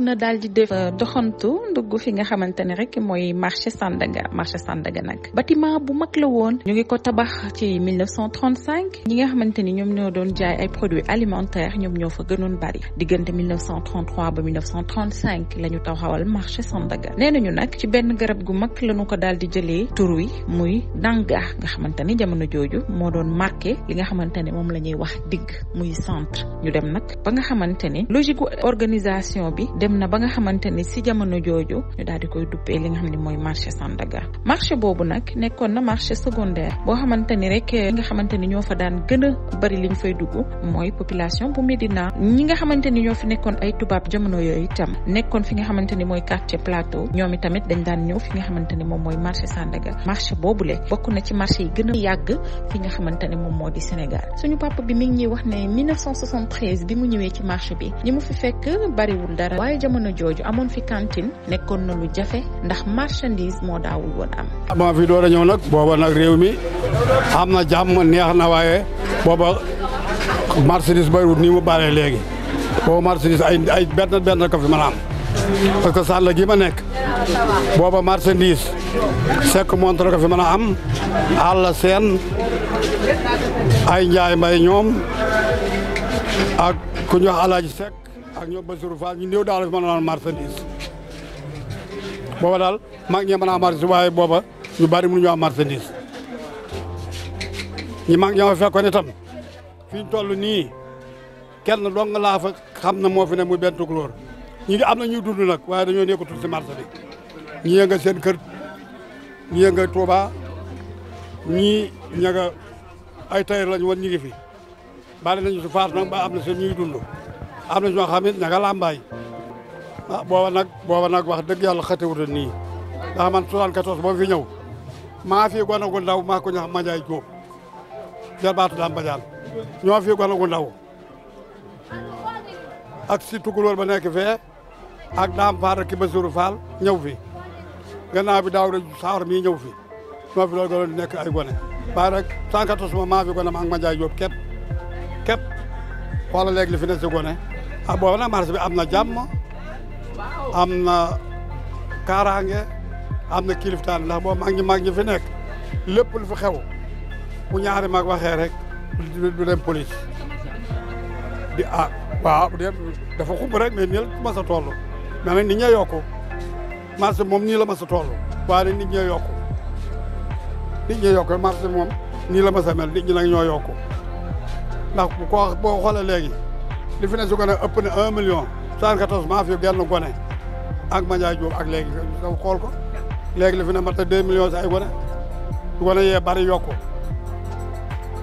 na daal di def euh, doxantu ndugg fi nga xamante ne rek mooy marché Sandaga marché Sandaga nag bâtiment bu mag la woon ñu ngi ko tabax ci 1935 ñi nga xamante ni ñoom ñoo doon jaay ay produits alimentaires ñoom ñoo fa gënoon bari diggante 1933 ba 1935 la ñu taxawal marché Sandaga nee nañu nag ci benn garab gu mag la ñu ko daal di jëlee tur wi muy danga nga xamante ni jamono jooju moo doon marqué li nga xamante ne moom la ñuy wax digg muy centre ñu dem nag ba nga xamante ni bi dem na ba nga xamante ni si koy duppee li nga xam ne mooy marché Sandaga marché boobu nag nekkoon na marché secondaire boo xamante ni ni ñoo fa daan gën a bëri fay dugg mooy population bu Médina ñi nga xamante ni ñoo fi nekkoon ay tubaab jamono yooyu itam nekkoon fi nga xamante ni mooy quartier plateau ñoom itamit dañ daan ñëw fi nga xamante ni moom mooy marché Sandaga marché boobule bokk na ci marché yi gën a yàgg fi nga xamante ni moom moo di Sénégal suñu papa bi mi ngi ñuy wax ne 1973 bi mu ñëwee ci marché bi ñi mu fi fekk bariwul dara waaye jamono jooju amoon fi cantine nekkoon na lu jafe ndax marchandise moo daawul woon am. maa fi door a nag booba nag réew mi xam na jàmm neex na waaye booba marchandise bariwut nii mu bëree léegi booba marchandise ay ay benn benn fi mën am parce que sàll gi ma nekk booba marchandise sekk montre mën a am àll seen ay njaay mbay ñoom ak ku ñu sekk ak ñoom Bassirou Fall ñu néew daal mën a naan marchandise booba daal mag ñee ma a am marchandise waaye booba ñu bari mënuñu am marchandise ñi mag ñoo fekkoon itam fi ñu toll nii kenn dong laa fa xam na moo fi ne muy benn tukulóor ñi ngi am na ñuy dund nag waaye dañoo nekkatul si marché bi ñii seen kër ñii nga Touba ñii ña nga ay tailleur lañu woon ñu ngi fi bari nañu si faatu nag ba am na seen ñuy dund am na ñoo xam it ña nga ah, booba nag booba nag wax dëgg yàlla xatewuta nii ndax man 74 boo fi ñëw maa fi gone gu ndaw maa ko ñax Mandiaye Diop jarbaatu daam Badiane ñoo fi gone gu ndaw ak si tukulóor ba nekk fee ak daam Faal ki Basiru Faal ñëw fi gannaaw bi daaw rek saar mi ñëw fi ñoo fi loolu gënoon di nekk ay gone waaye rek 74 ma maa fi gone ma ak Mandiaye Diop képp képp xoolal léegi si gone ah booba nag marché bi am na jàmm am na kaaraange am na kiliftaan ndax boobu mag ñi ñi fi nekk lépp lu fi xew bu ñaari mag waxee rek du dem police di ah waaw dafa xumb rek mais nii la ma sa toll mais nag nit ñee yokku marché moom nii la ma sa toll waaye nag nit ñee yokku nit ñee yokku marché moom nii la ma sa mel nit ñi nag ñoo yokku ndax koo boo xoolee léegi li fi ne su na un million soixante-quatorze maa fi genn gone ak Mandiaye Diouf ak léegi saw xool ko léegi li fi ne mat na deux millions si ay gone gone yee bari yokku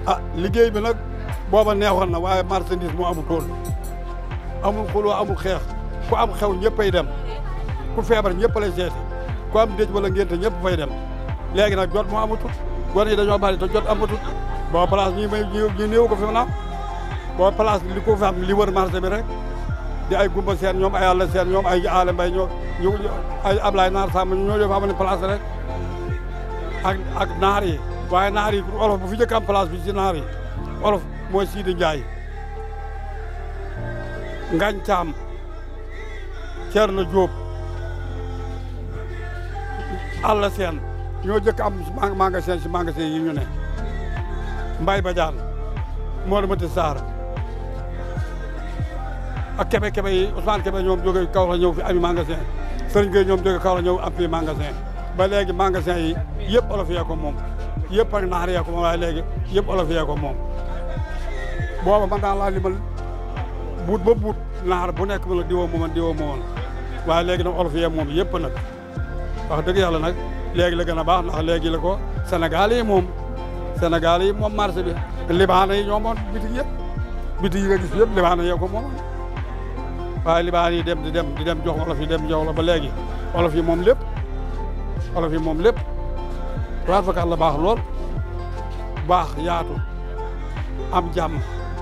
ah liggéey bi nag booba neexoon na waaye marchandise moo amul tool amul xuloo amul xeex ku am xew ñëppay dem ku feebar ñëpp lay seeti ku am déj wala ngénte ñëpp fay dem léegi nag jot moo amatul gone yi dañoo bari te jot amatul bon place ñi may ñi néew ko fi mu boo place bi li ko fi am li wër marché bi rek di ay Gumba Seen ñoom ay Alla Seen ñoom ay Aale Mbay ñoo ñu ay Ablaye Naar Samb ñoo ñoo fa amoon place rek ak ak waaye naar yi olof bu fi njëkk am place bi ci naar yi olof mooy Sidi Ndiaye Ngañ Caam na Jóob Alla Seen ñoo jëkk am si magasin si magasin yi ñu ne Mbay Badiane Mor Mati Sarr ak kebe kebe yi Ousmane Kebe ñoom jógee Kaolack ñëw fi ami magasin Serigne Gueye ñoom jógee Kaolack ñëw am fii magasin ba léegi magasin yi yëpp olof yee ko moom yëpp ak naxar yee ko moom waaye léegi yëpp olof yee ko moom booba man daan limal buut ba buut naxar bu nekk mën a diwoo mooman diwoo mooman waaye léegi nag olof yee moom yëpp nag wax dëgg yàlla nag léegi la gën a baax ndax léegi la ko Sénégal moom Sénégal yi moom marché bi libaana yi ñoo moom bitig yëpp bitig yi nga gis yëpp libaana yee ko moom waaye libaan yi dem di dem di dem jox olof yi dem jox la ba léegi olof yi moom lépp olof yi moom lépp waar fakat la baax lool baax yaatu am jàmm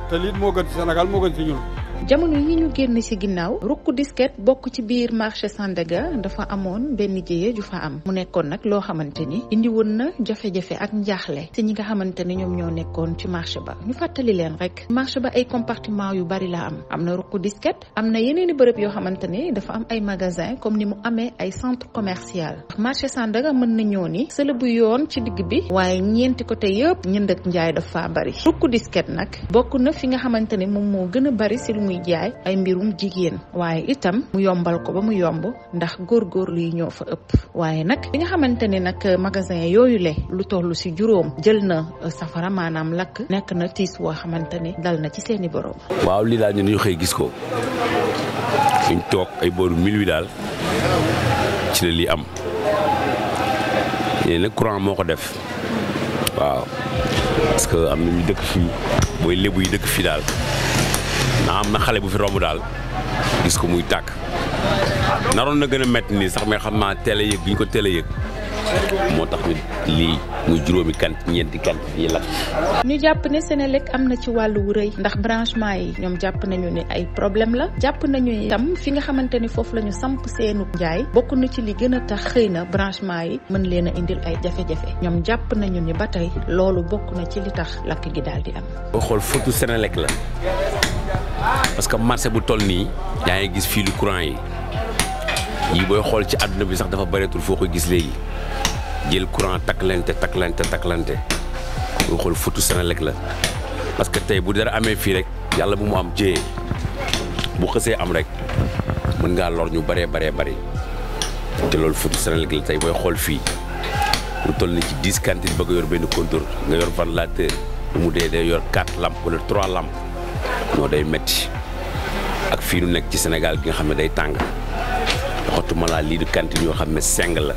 te liit moo gën ci Sénégal moo gën ci ñun jamono yi ñu génn ci ginnaaw rukk disket bokk ci biir marché Sandaga dafa amoon benn jéye ju fa am mu nekkoon nag loo xamante ni indi woon na jafe-jafe ak njaaxle ci ñi nga xamante ne ñoom ñoo nekkoon ci marché ba ñu fàttali leen rek marché ba ay compartiment yu bari la am am na rukk disket am na yeneeni bërëb yoo xamante ni dafa am ay magasin comme ni mu amee ay centre commercial marché Sandaga mën na ñoo ni sëla bu yoon ci digg bi waaye ñeenti côté yëpp ñënd ak njaay dafa bari nag bokk na nga xamante ni moom moo gën a bari ci muy jaay ay mbirum jigéen waaye itam mu yombal ko ba mu yomb ndax góor góorgóorlu yi ñoo fa ëpp waaye nag li nga xamante ni nag magasin yooyu le lu toll si juróom jël na euh, safara maanaam lakk nekk na tiis woo xamante ni dal na ci seeni borom. waaw lii daal gis ko suñ toog ay ci la lii am yéen courant moo ko def waaw parce am na ñu dëkk fii mooy lébu yi dëkk fii daal. na am na xale bu fi romb daal gis ko muy tàkk naroon na gën a métti nii sax mais xam naa teel yëg bi ñu ko teel a yëg moo tax ñu juróomi kant ñeenti kant yi lakk. jàpp ne Senelec am na ci wàll wu rëy ndax branchement yi ñoom jàpp nañu ne ay problème la jàpp nañu tam fi nga xamante ni foofu lañu samp seenu njaay bokk na ci li gën a tax xëy na branchement yi mën leen a indil ay jafe-jafe ñoom jàpp nañu ni ba tey loolu bokk na ci li tax lakk gi daal di boo xool fotu Senelec la. parce que marché bu toll nii yaa ngi gis fii lu courant yi yi booy xool ci àdduna bi sax dafa bareetul foo ko gis léegi jël courant takkalante takkalante takkalante booy xool futu Senelec la parce que tey bu dara amee fii rek yàlla bu mu am jéyee bu xësee am rek mën ngaa lor ñu bëree baree bëri te loolu futu Senelec la tey booy xool fii lu toll ni ci 10 cantines ba nga yor benn compteur nga yor ventilateur bu mu dee day yor 4 làmp wala 3 lampes moo day metti ak fii nu nekk ci Sénégal gi nga xam ne day tàng xottu laa lii di cantine yoo xam ne seng la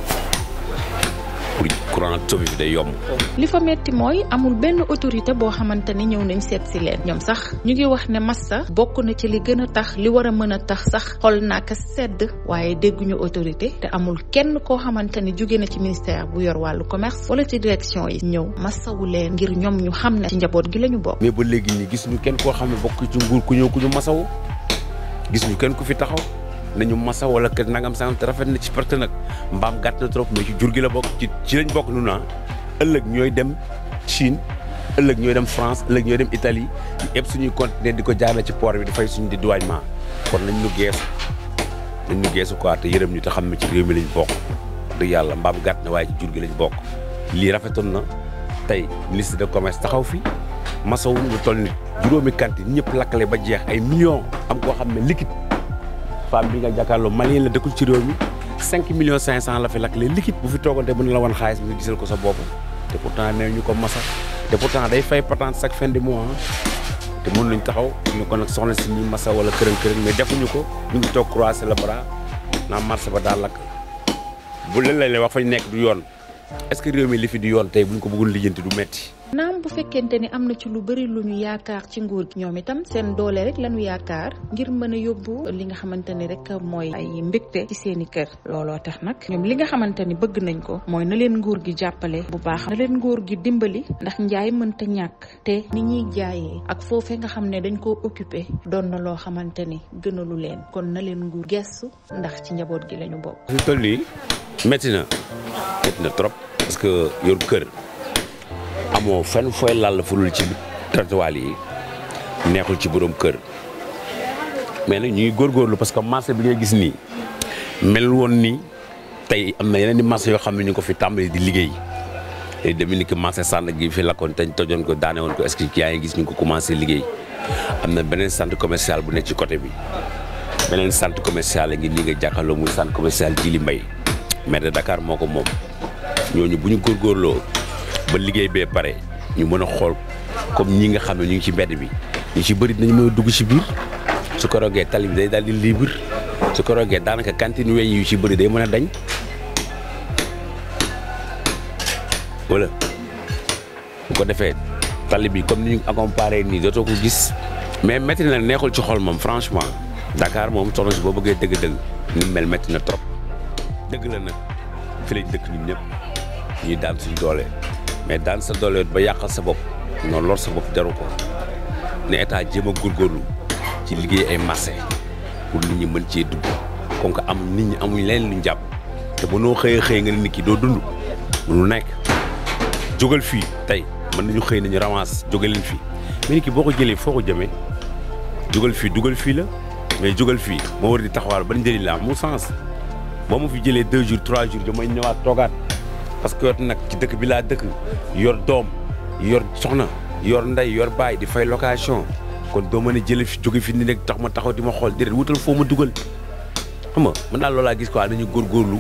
pour courant sauvé bi day yomb. li fa metti mooy amul benn autorité boo xamante ni ñëw nañ seet si leen ñoom sax ñu ngi wax ne massa bokk na ci li gën a tax li war a mën a tax sax xol naa ko sedd waaye dégguñu autorité te amul kenn koo xamante ni jóge na ci ministère bu yor wàllu commerce wala ci direction yi ñëw massawu leen ngir ñoom ñu xam ne ci njaboot gi la ñu bokk. mais ba léegi nii gis ñu kenn koo xam ne bokk ci nguur ku ñëw ku ñu masawu gis ñu kenn ku fi taxaw. nañu masa wala kër nangam sangam te rafet na ci parce nag mbaam gàtt na trop mais ci jur gi la bokk ci ci lañ bokk nu naa ah. ëllëg ñooy dem Chine ëllëg ñooy dem France ëllëg ñooy dem Italie yëpp suñuy continuer di ko jaarale ci port bi di fay suñu di douanement kon nañ ñu gees nañ ñu geesu quoi te yërëm ñu te xam ne ci réew mi lañ bokk dëgg yàlla mbaam gàtt na waaye ci jur gi lañ bokk lii rafetoon na tey ministre de commerce taxaw fi wu lu toll ni juróomi kanti ñëpp lakkale ba jeex ay millions am koo xam ne liquide femme bi nga jàkkaarloo malien la dëkkul ci réew mi 5 millions 500 la fi lakk les liquide bu fi toogoon te bu ne la woon xaalis bi nga gisal ko sa bopp te pourtant nee ñu ko masa te pourtant day fay patente chaque fin te mën nañ taxaw ñu ko nag soxna si ñi masa wala kërën kërën mais defuñu ko ñu ko toog croiser le bras naa marché ba daal lakk bu leen lay fa fañ nekk du yoon. est-ce que réew mi li fi di yoon tey bu ñu ko bëggul lijjanti du metti naam bu fekkente ni am na ci lu bëri lu ñu yaakaar ci nguur gi ñoom itam seen doole rek lañu yaakaar ngir mën a yóbbu li nga xamante ni rek mooy ay mbégte ci seen i kër looloo tax nag ñoom li nga xamante ni bëgg nañ ko mooy na leen nguur gi jàppale bu baax na leen nguur gi dimbali ndax njaay mënta ñàkk te ni ñuy jaayee ak foofee nga xam ne dañ koo occupé doon na loo xamante ni gënalu leen kon na leen nguur gestu ndax ci njaboot gi lañu bokk métti na métti trop parce que yor kër amoo fenn fooy lal fulul ci trottoir yi neexul ci borom kër mais nag ñuy góorgóorlu parce que marché bi nga gis nii mel woon nii tey am na yeneen di marché yoo xam ne ñu ko fi tàmbali di liggéey tey ni que marché Sandaga gi fi lakkoon te tojoon ko daane woon ko est-ce que yaa gis ñu ko commencé liggéey am na beneen centre commercial bu nekk ci côté bi beneen centre commercial la ngi nii nga jàkkaarloo muy centre commercial Djily Mbaye maire dakaar moo ko moom ñooñu bu ñu góor góorloo ba liggéey bee pare ñu mën a xool comme ñi nga xam ne ñu ngi ci mbedd bi ñu ci bëri nañu mën a dugg ci biir su ko rogee tali bi day daal di libre su ko rogee daanaka cantine weñ yu ci bëri day mën a dañ walla bu ko defee tali bi comme ni ñu accompagné nii dootoo ko gis mais métti na neexul ci xool moom franchement Dakar moom soxna si boo bëggee dëgg-dëgg ni mel métti na trop. dëgg la nag fi lañ dëkk ñun ñëpp ñuy daan suñ doole mais daan sa doole ba yàqal sa bopp noonu lor sa bopp jaru ko ne état jéem a góorgóorlu ci liggéey ay marché pour nit ñi mën cee dugg comme que am nit ñi amuñ leen luñ jàpp te mënoo xëy xëy nga ne nit ki doo dund mënul nekk jógal fii tey mën nañu xëy nañu ramas jógal leen fii mais nit ki boo ko jëlee foo ko jëmee jógal fii dugal fii la mais jógal fii moo war di taxawaal ban njëriñ la amul sens moo ma fi jëlee deux jours trois jours damay ñëwaat toogaat parce que yot nag ci dëkk bi laa dëkk yor doom yor soxna yor ndey yor baay di fay location kon doo mën a jëlee fi jóge fi ni rek tax ma taxaw di ma xool déedéet wutal foo ma dugal xam nga mën naa loolaa gis quoi nañu góorlu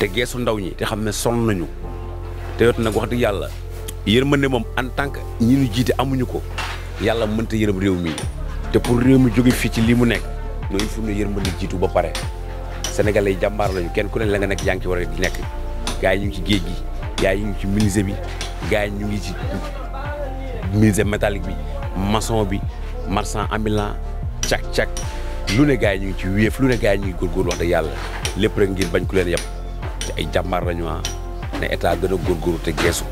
te geesu ndaw ñi te xam ne sonn nañu te yot nag wax dëgg yàlla mën ne moom en tant que ñi ñu jiite amuñu ko yàlla mënta yërëm réew mi te pour réew mi jóge fii ci lii mu nekk mooy il faut ñu yërmande jiitu ba pare sénégalais yi jàmbaar lañu kenn ku ne la nga nekk yaa ngi ci war a nekk gars yi ñu ngi ci géej gi gars yi ñu ngi ci menuisier bi gars yi ñu ngi ci menuisier métallique bi maçon bi marchand ambulant cak-cak lu ne gars yi ñu ngi ci wéef lu ne gars yi ñu ngi góorgóorlu wax dëgg yàlla lépp rek ngir bañ ku leen yem te ay jàmbaar lañu ah ne état gën a góorgóorlu te geesu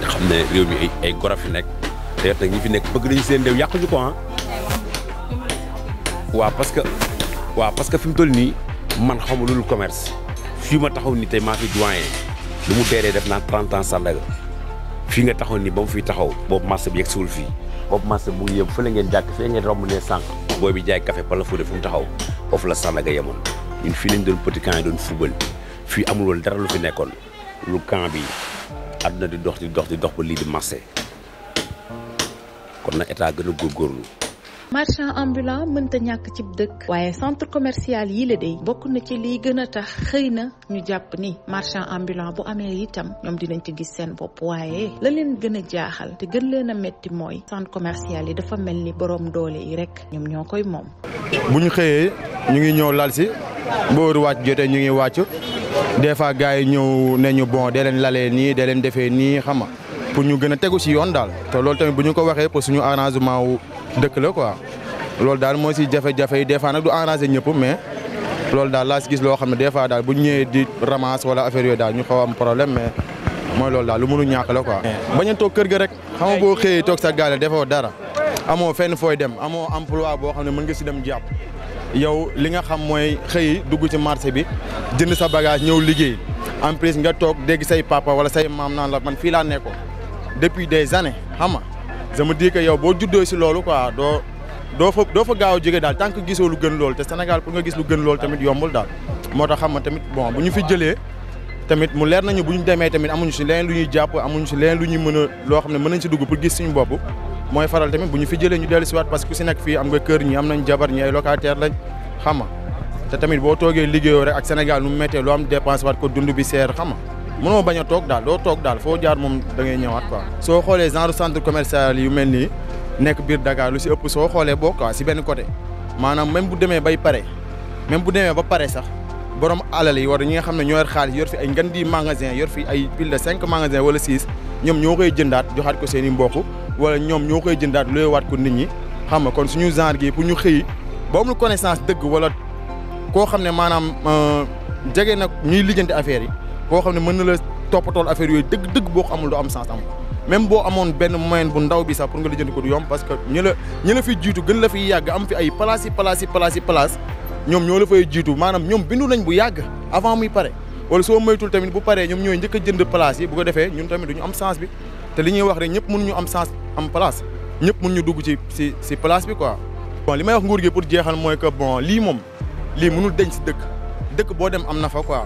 nga xam ne réew mi ay gor fi nekk te yor ñi fi nekk bëgg nañu seen réew yàquñu ko ah waaw parce que waaw man xaw ma lu commerce fii ma taxaw ni tey maa fi doyen lu mu deeree def naa 30 ans Sandaga fii nga taxaw ni ba mu fii taxaw boobu marché bi yegsiwul fii boobu marché bi mu ngi yem fële ngeen jàkk fee ngeen romb ne sànq booy bi jaay kafe pala fóode fu mu taxaw foofu la Sandaga yemoon ñun fii lañ doon petit camp yi doon football fii amul dara lu fi nekkoon lu camp bi àdduna di dox di dox di dox ba lii di marché kon na état gën a góorgóorlu marchand ambulant mënta ñàkk cib dëkk waaye centre commercial yii la dey bokk na ci liy gën a tax xëy na ñu jàpp ni marchand ambulant bu amee itam ñoom dinañ ci gis seen bopp waaye la leen gën a jaaxal te gën leen a metti mooy centre commercial yi dafa mel ni borom doole yi rek ñoom ñoo koy moom. bu ñu xëyee ñu ngi ñëw lal si booru wàcc jotee ñu ngi des fois gars yi ñëw ne bon dee leen lalee nii dee leen defee nii xam nga pour ñu gën a tegu si yoon daal te loolu tamit bu ñu ko waxee pour suñu arrangement wu. dëkk la quoi loolu daal mooy si jafe-jafe yi des fois nag du arrangé ñëpp mais loolu daal laa si gis loo xam ne des fois daal bu ñëwee di ramasse wala affaire yooyu daal ñu xaw am problème mais mooy loolu daal lu mënu ñàkk la quoi. bañ a toog kër gi rek xam nga boo xëyee toog sa gaale defoo dara amoo fenn fooy dem amoo emploi boo xam ne mën nga si dem jàpp yow li nga xam mooy xëy dugg ci marché bi jënd sa bagage ñëw liggéey en plus nga toog dégg say papa wala say maam naan la man fii laa nekkoon depuis des années xam je me dis yow boo juddoo si loolu quoi doo doo fa doo fa gaaw a jóge daal tant que gisoo lu gën lool te Sénégal pour nga gis lu gën loolu tamit yombul daal moo tax xam nga tamit bon bu ñu fi jëlee tamit mu leer nañu bu ñu demee tamit amuñu si leneen lu ñuy jàpp amuñu si leneen lu ñuy mën a loo xam ne mën nañ si dugg pour gis suñu bopp mooy faral tamit bu ñu fi jëlee ñu dellu si parce que si nekk fii am nga kër ñi am nañ jabar ñi ay locataire lañ xam nga tamit boo toogee liggéeyoo rek ak Sénégal nu mu méttee loo am dépense waat ko dund bi seer xam mënoo bañ a toog daal doo toog daal foo jaar moom da ngay ñëwaat quoi. soo xoolee genre centre commercial yu mel nii nekk biir Dakar lu si ëpp soo xoolee boo quoi si benn côté maanaam même bu demee bay pare même bu demee ba pare sax borom alal yi war ñi nga xam ne ñoo yor xaalis yor fi ay ngan di magasin yor fi ay pile de cinq magasin wala six ñoom ñoo koy jëndaat joxaat ko seeni i wala ñoom ñoo koy jëndaat looyewaat ko nit ñi xam nga kon suñu genre gi pour ñu xëy ba amul connaissance dëgg wala koo xam ne maanaam euh, jege nag ñuy lijjanti affaire yi boo xam ne mën na la toppatool affaire yooyu dëgg-dëgg boo ko amul du am sens am même boo amoon benn moyen bu bi sax pour nga la jënd ko du yomb parce que ñi la ñi fi jiitu gën la fi yàgg am fi ay place yi place yi place yi ñoom ñoo la fay jiitu maanaam ñoom bindu nañ bu yàgg avant muy pare wala soo moytul tamit bu paree ñoom ñooy njëkk a jënd place yi ko defee ñun tamit duñu am sens bi te li ñuy wax rek ñëpp ñu am sens am place ñëpp mënuñu dugg ci ci ci place bi quoi. bon li may wax nguur gi pour jeexal mooy que bon lii moom lii mënul denc si dëkk dëkk boo dem am na fa quoi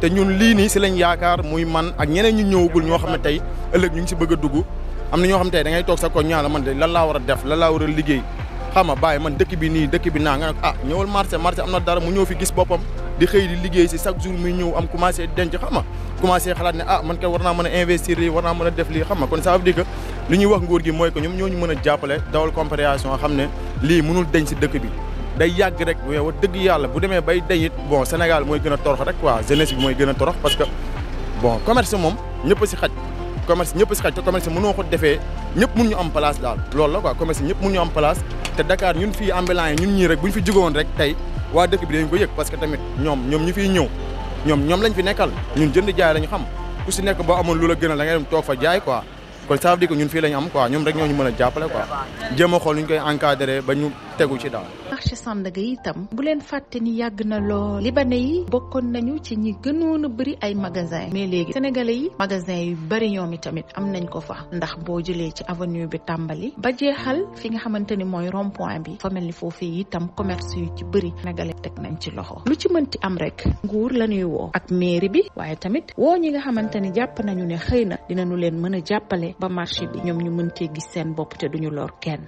te ñun lii nii si lañ yaakaar muy man ak ñeneen ñu ñëwagul ñoo xam ne tey ëllëg ñu ngi si bëgg a dugg am na ñoo xam ne tey da ngay toog sa ko ñaala man de lan laa war a def la laa war a liggéey xam nga bàyyi man dëkk bi nii dëkk bi naa nga ah ñëwal marché marché am na dara mu ñëw fi gis boppam di xëy di liggéey si chaque jour muy ñëw am commencé denc xam nga xalaat ne ah man kay war naa mën a investir lii war naa mën a def lii xam nga kon ça veut dire que li ñuy gi mooy que ñoom ñoo ñu mën jàppale dawal compréhension xam ne lii mënul denc si dëkk bi da yàgg rek bu yow dëgg yàlla bu demee bay day it bon Sénégal mooy gën a torox rek quoi jeunesse bi mooy gën a torox parce que bon commerce moom ñëpp si xaj commerce ñëpp si xaj te commerce ko ñu am place daal loolu la quoi commerce ñëpp ñun fi jógoon rek ko ñoom ñoom ñoom lu la gënal da ngay dem toog fa jaay quoi kon ça ñu mën a jàppale quoi jéem a xool ñu koy encadré tegu ci daal. marché Sandaga itam bu leen fàtte ni yàgg na lool libanais yi bokkoon nañu ci ñi gënoon a bëri ay magasin mais léegi sénégalais yi magasin yu bëri ñoom i tamit am nañ ko fa ndax boo jëlee ci avenue bi tàmbali ba jeexal fi nga xamante ni mooy rond point bi ni foofu itam commerce yu ci bëri sénégalais teg nañ ci loxo lu ci mënti am rek nguur la woo ak mairie bi waaye tamit woo ñi nga xamante ni jàpp nañu ne xëy na dinañu leen mën a jàppale ba marché bi ñoom ñu mëntee gis seen bopp te duñu lool kenn